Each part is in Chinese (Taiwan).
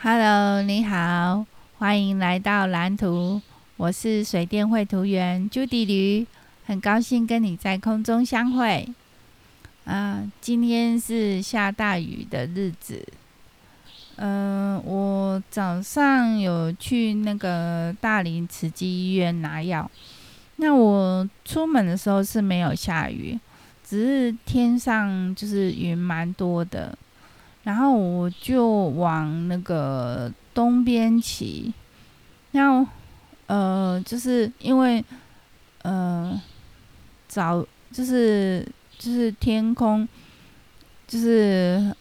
Hello，你好，歡迎來到藍圖。我是水電繪圖員朱迪驢，很高興跟你在空中相會。啊、呃，今天是下大雨的日子。嗯、呃，我早上有去那個大林慈濟醫院拿藥。那我出門的時候是沒有下雨，只是天上就是雲蠻多的。然後我就往那個東邊騎，然後呃，就是因為呃早就是就是天空就是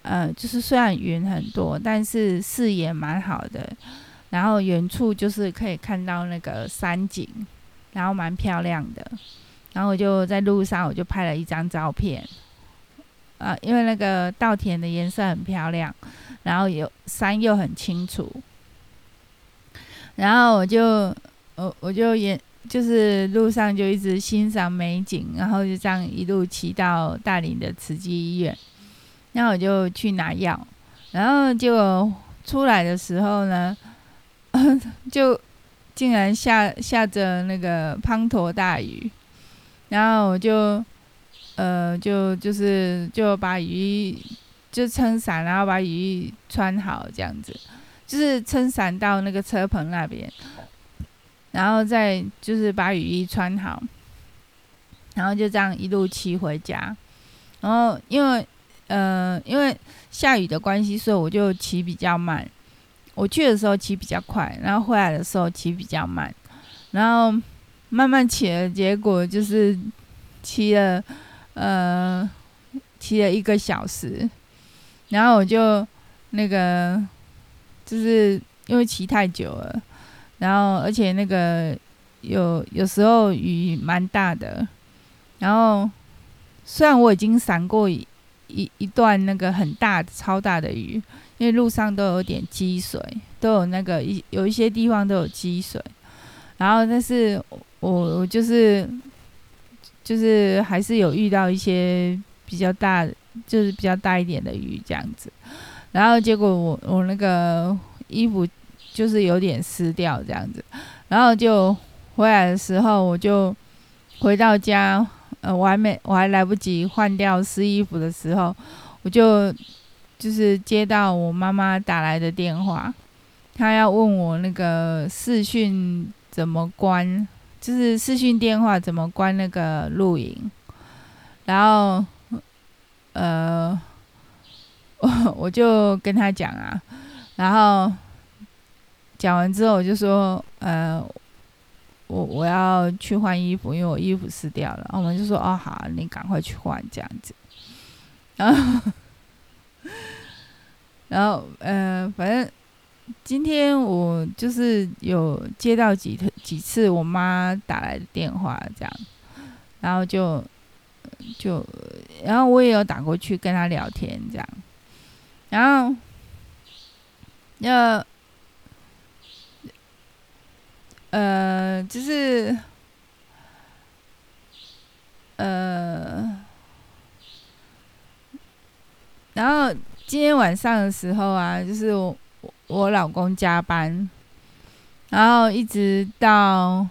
呃就是雖然雲很多，但是視野蠻好的。然後遠處就是可以看到那個山景，然後蠻漂亮的。然後我就在路上，我就拍了一張照片。啊，因為那個稻田的顏色很漂亮，然後有山又很清楚，然後我就我我就也就是路上就一直欣賞美景，然後就這樣一路騎到大林的慈濟醫院，然後我就去拿藥，然後就出來的時候呢，呵呵就竟然下下着那個滂沱大雨，然後我就。呃，就就是就把雨衣就撐傘，然後把雨衣穿好，這樣子，就是撐傘到那個車棚那邊，然後再就是把雨衣穿好，然後就這樣一路騎回家。然後因為呃因為下雨的關係，所以我就騎比較慢。我去的時候騎比較快，然後回來的時候騎比較慢，然後慢慢騎的結果就是騎了。呃，騎了一個小時，然後我就那個，就是因為騎太久了，然後而且那個有有時候雨蠻大的，然後雖然我已經閃過一一一段那個很大超大的雨，因為路上都有點積水，都有那個一有一些地方都有積水，然後但是我我就是。就是還是有遇到一些比較大，就是比較大一點的雨這樣子，然後結果我我那個衣服就是有點濕掉這樣子，然後就回來的時候我就回到家，呃，我還沒我還來不及換掉濕衣服的時候，我就就是接到我媽媽打來的電話，她要問我那個視訊怎麼關。就是視訊電話怎麼關那個錄影，然後，呃，我我就跟他講啊，然後講完之後我就說，呃，我我要去換衣服，因為我衣服濕掉了。我們就說，哦，好，你趕快去換這樣子。然後，然後，嗯，呃，反正。今天我就是有接到幾幾次我媽打來的電話，這樣，然後就就，然後我也有打過去跟她聊天，這樣，然後，要，呃，呃，就是，呃，然後今天晚上的時候啊，就是我。我老公加班，然後一直到，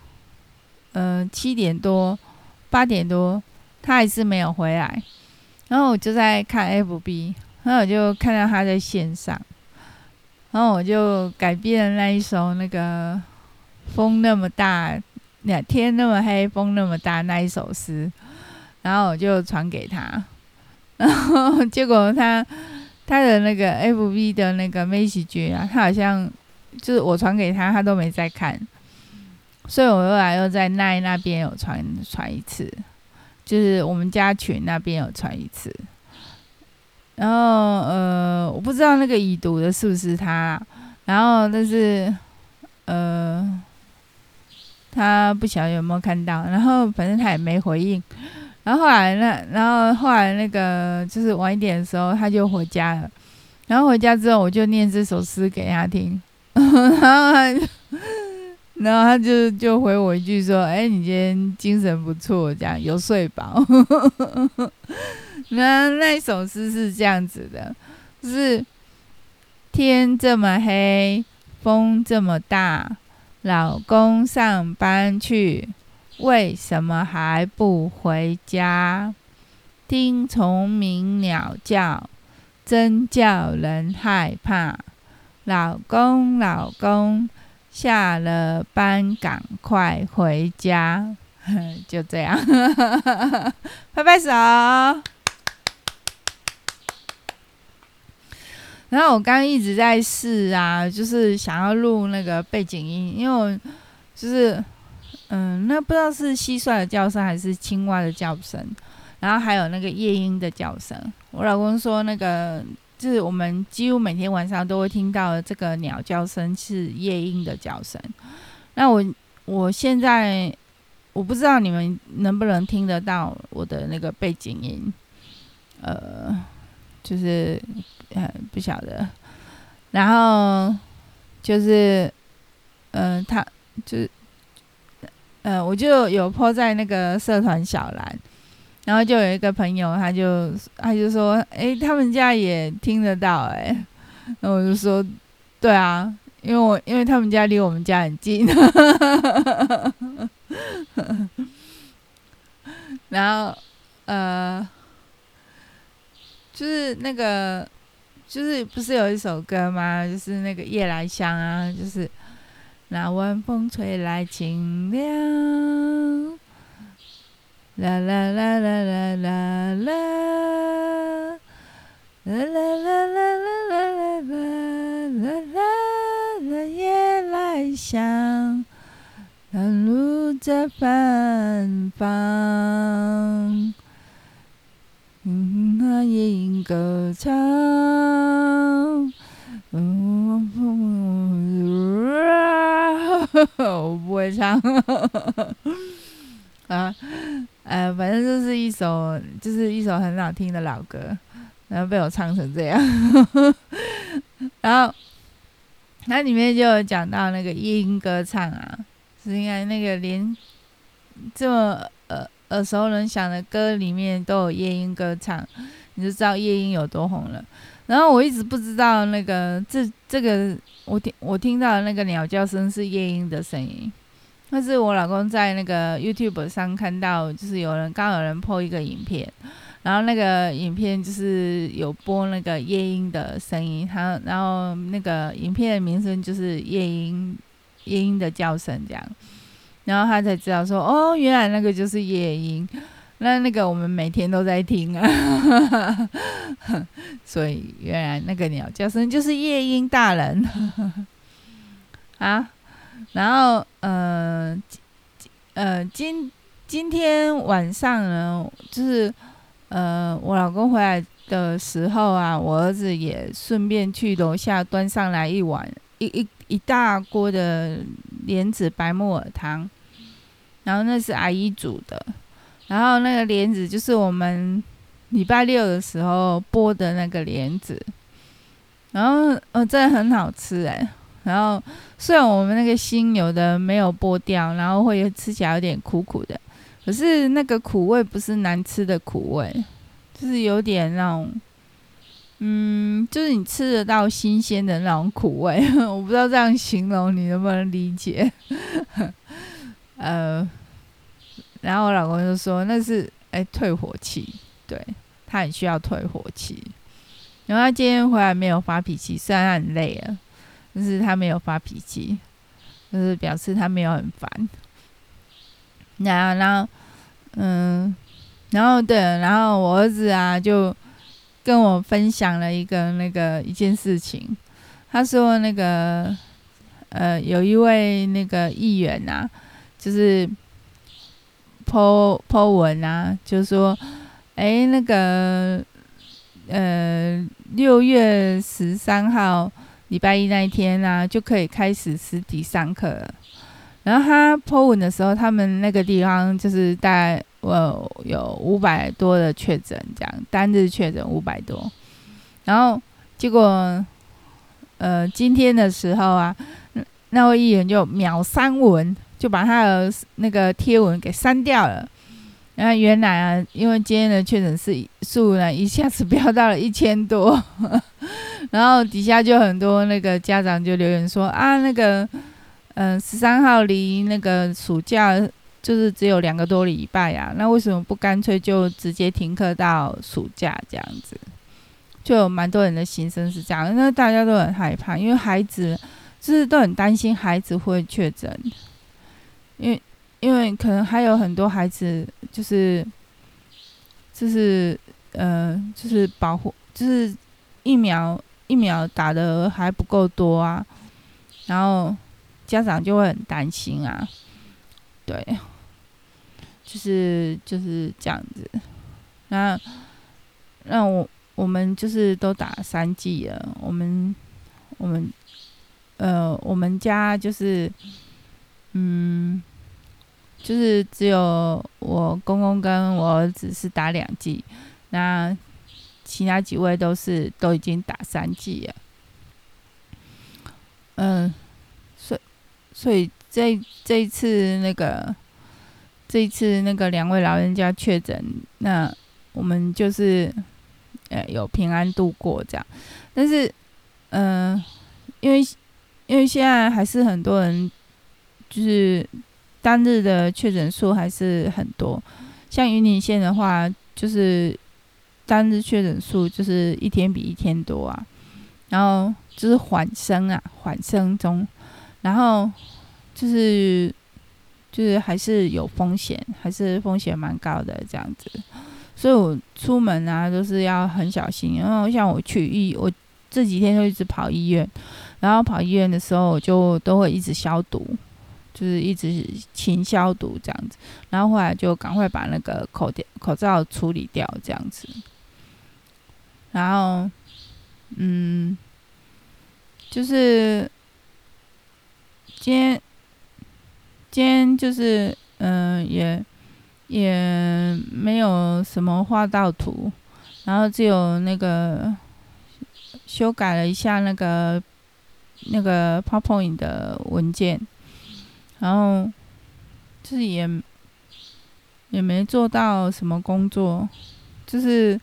嗯、呃，七點多、八點多，他還是沒有回來。然後我就在看 FB，然後我就看到他在線上，然後我就改編了那一首那個風那麼大，天那麼黑，風那麼大那一首詩，然後我就傳給他，然後結果他。他的那個 FB 的那個 message 啊，他好像就是我傳給他，他都沒在看，所以我後來又在奈那邊有傳傳一次，就是我們家群那邊有傳一次，然後呃，我不知道那個已讀的是不是他，然後但是呃，他不曉得有沒有看到，然後反正他也沒回應。然後後來那，然後後來那個就是晚一點的時候，他就回家了。然後回家之後，我就念這首詩給他聽。呵呵，然後他就，然後他就就回我一句說：“哎，你今天精神不錯，這樣有睡飽。呵呵”那那首詩是這樣子的，就是天這麼黑，風這麼大，老公上班去。為什麼還不回家？聽蟲鳴鳥叫，真叫人害怕。老公，老公，下了班趕快回家。就這樣，拍 拍手。然後我剛一直在試啊，就是想要錄那個背景音，因為我就是。嗯，那不知道是蟋蟀的叫聲還是青蛙的叫聲，然後還有那個夜鶯的叫聲。我老公說，那個就是我們幾乎每天晚上都會聽到的這個鳥叫聲是夜鶯的叫聲。那我我現在我不知道你們能不能聽得到我的那個背景音，呃，就是嗯不曉得。然後就是嗯，他就是。呃嗯、呃，我就有 PO 在那個社團小藍，然後就有一個朋友，他就他就說，哎，他們家也聽得到。欸，哎，那我就說，對啊，因為我因為他們家離我們家很近， 然後呃，就是那個就是不是有一首歌嗎？就是那個夜來香啊，就是。那晚風吹來清涼，啦啦啦啦啦啦啦，啦啦啦啦啦啦啦啦啦，夜來香，露著芬芳，哼哼，夜鶯歌唱。我不會唱， 啊，哎、呃，反正就是一首，就是一首很好聽的老歌，然後被我唱成這樣， 然後，那裡面就有講到那個夜鶯歌唱啊，是應該那個連這麼呃耳熟能詳的歌裡面都有夜鶯歌唱，你就知道夜鶯有多紅了。然後我一直不知道那個這這個我聽我聽到的那個鳥叫聲是夜鶯的聲音，但是我老公在那個 YouTube 上看到，就是有人剛有人播一個影片，然後那個影片就是有播那個夜鶯的聲音，他然後那個影片的名聲就是夜鶯夜鶯的叫聲這樣，然後他才知道說哦，原來那個就是夜鶯。那那個我們每天都在聽啊， 所以原來那個鳥叫聲就是夜鶯大人 啊。然後，呃，呃，今今天晚上呢，就是呃，我老公回來的時候啊，我兒子也順便去樓下端上來一碗一一一大鍋的蓮子白木耳湯，然後那是阿姨煮的。然後那個蓮子就是我們禮拜六的時候剝的那個蓮子，然後呃，哦，真的很好吃哎。然後雖然我們那個芯，有的沒有剝掉，然後會吃起來有點苦苦的，可是那個苦味不是難吃的苦味，就是有點那種，嗯，就是你吃得到新鮮的那種苦味。我不知道這樣形容你，你能不能理解？呃。然後我老公就說：“那是哎、欸，退火期，對，他很需要退火期。”然後他今天回來沒有發脾氣，雖然他很累了，但是他沒有發脾氣，就是表示他沒有很煩。然後，嗯，然後對，然後我兒子啊就跟我分享了一個那個一件事情，他說那個呃，有一位那個議員啊，就是。Po, po 文啊，就說，誒，那個，呃，六月十三號，禮拜一那一天呢、啊，就可以開始實體上課了。然後他 Po 文的時候，他們那個地方就是大概、呃、有有五百多的確診，這樣單日確診五百多。然後結果，呃，今天的時候啊，那位議員就秒刪文。就把他的那個貼文給刪掉了。那、啊、原來啊，因為今天的確診人數呢一下子飆到了一千多， 然後底下就很多那個家長就留言說啊，那個嗯，十、呃、三號離那個暑假就是只有兩個多禮拜啊，那為什麼不乾脆就直接停課到暑假這樣子？就蠻多人的心聲是這樣，因為大家都很害怕，因為孩子就是都很擔心孩子會確診。因為，因為可能還有很多孩子就是，就是，呃，就是保護，就是疫苗疫苗打的還不夠多啊，然後家長就會很擔心啊，對，就是就是這樣子。那那我我們就是都打三劑了，我們我們，呃，我們家就是。嗯，就是只有我公公跟我兒子是打兩劑，那其他幾位都是都已經打三劑了。嗯、呃，所以所以這這一次那個，這一次那個兩位老人家確診，那我們就是哎、呃，有平安度過這樣。但是，嗯、呃，因為因為現在還是很多人。就是單日的確診數還是很多，像雲林縣的話，就是單日確診數就是一天比一天多啊。然後就是緩升啊，緩升中。然後就是就是還是有風險，還是風險蠻高的這樣子。所以我出門啊都是要很小心，然後像我去醫，我這幾天就一直跑醫院，然後跑醫院的時候我就都會一直消毒。就是一直勤消毒這樣子，然後後來就趕快把那個口罩口罩處理掉這樣子，然後，嗯，就是今天，今天就是嗯、呃、也也沒有什麼畫到圖，然後只有那個修改了一下那個那個 PowerPoint 的文件。然後，就是也也沒做到什麼工作，就是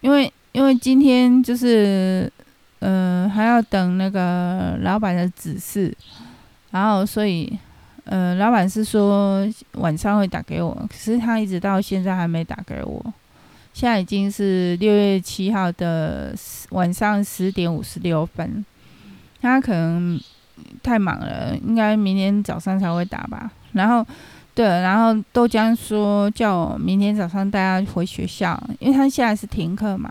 因為因為今天就是呃還要等那個老闆的指示，然後所以呃老闆是說晚上會打給我，可是他一直到現在還沒打給我，現在已經是六月七號的晚上十點五十六分，他可能。太忙了，應該明天早上才會打吧。然後，對，然後豆漿說叫我明天早上帶他回學校，因為他現在是停課嘛。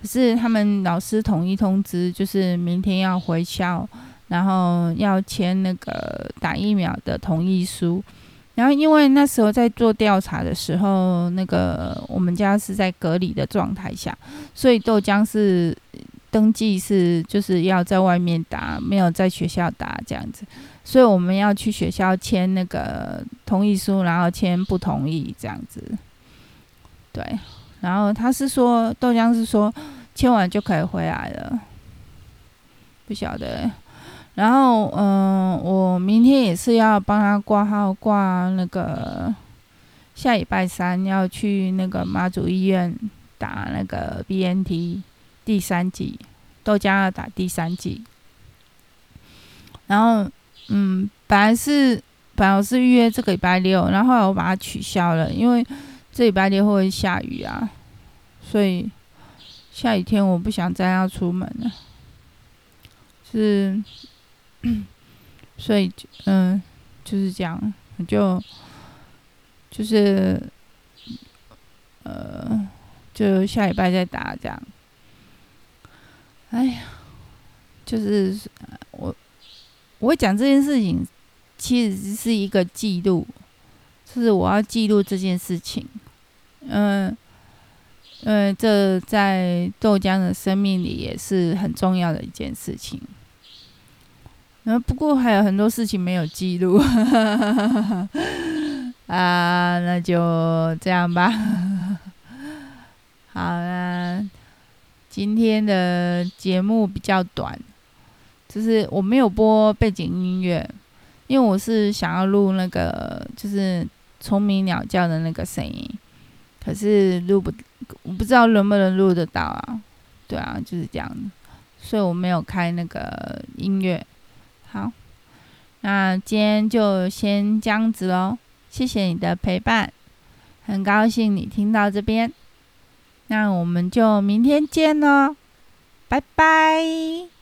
可是他們老師統一通知，就是明天要回校，然後要簽那個打疫苗的同意書。然後因為那時候在做調查的時候，那個我們家是在隔離的狀態下，所以豆漿是。登記是，就是要在外面打，沒有在學校打這樣子，所以我們要去學校簽那個同意書，然後簽不同意這樣子。對，然後他是說豆漿是說簽完就可以回來了，不曉得。然後嗯，我明天也是要幫他掛號，掛那個下禮拜三要去那個媽祖醫院打那個 BNT。第三劑，豆漿要打第三劑。然後，嗯，本來是本來是預約這個禮拜六，然後後來我把它取消了，因為這禮拜六會不會下雨啊？所以下雨天我不想再要出門了。是，所以嗯、呃，就是這樣，我就就是呃，就下禮拜再打這樣。哎呀，就是我，我講這件事情，其實是一個記錄，就是我要記錄這件事情。嗯，嗯，這在豆漿的生命裡也是很重要的一件事情。嗯，不過還有很多事情沒有記錄 啊，那就這樣吧。好啦。今天的節目比較短，就是我沒有播背景音樂，因為我是想要錄那個就是蟲鳴鳥叫的那個聲音，可是錄不，我不知道能不能錄得到啊。對啊，就是這樣，所以我沒有開那個音樂。好，那今天就先這樣子嘍，謝謝你的陪伴，很高興你聽到這邊。那我們就明天見嘍，哦，拜拜。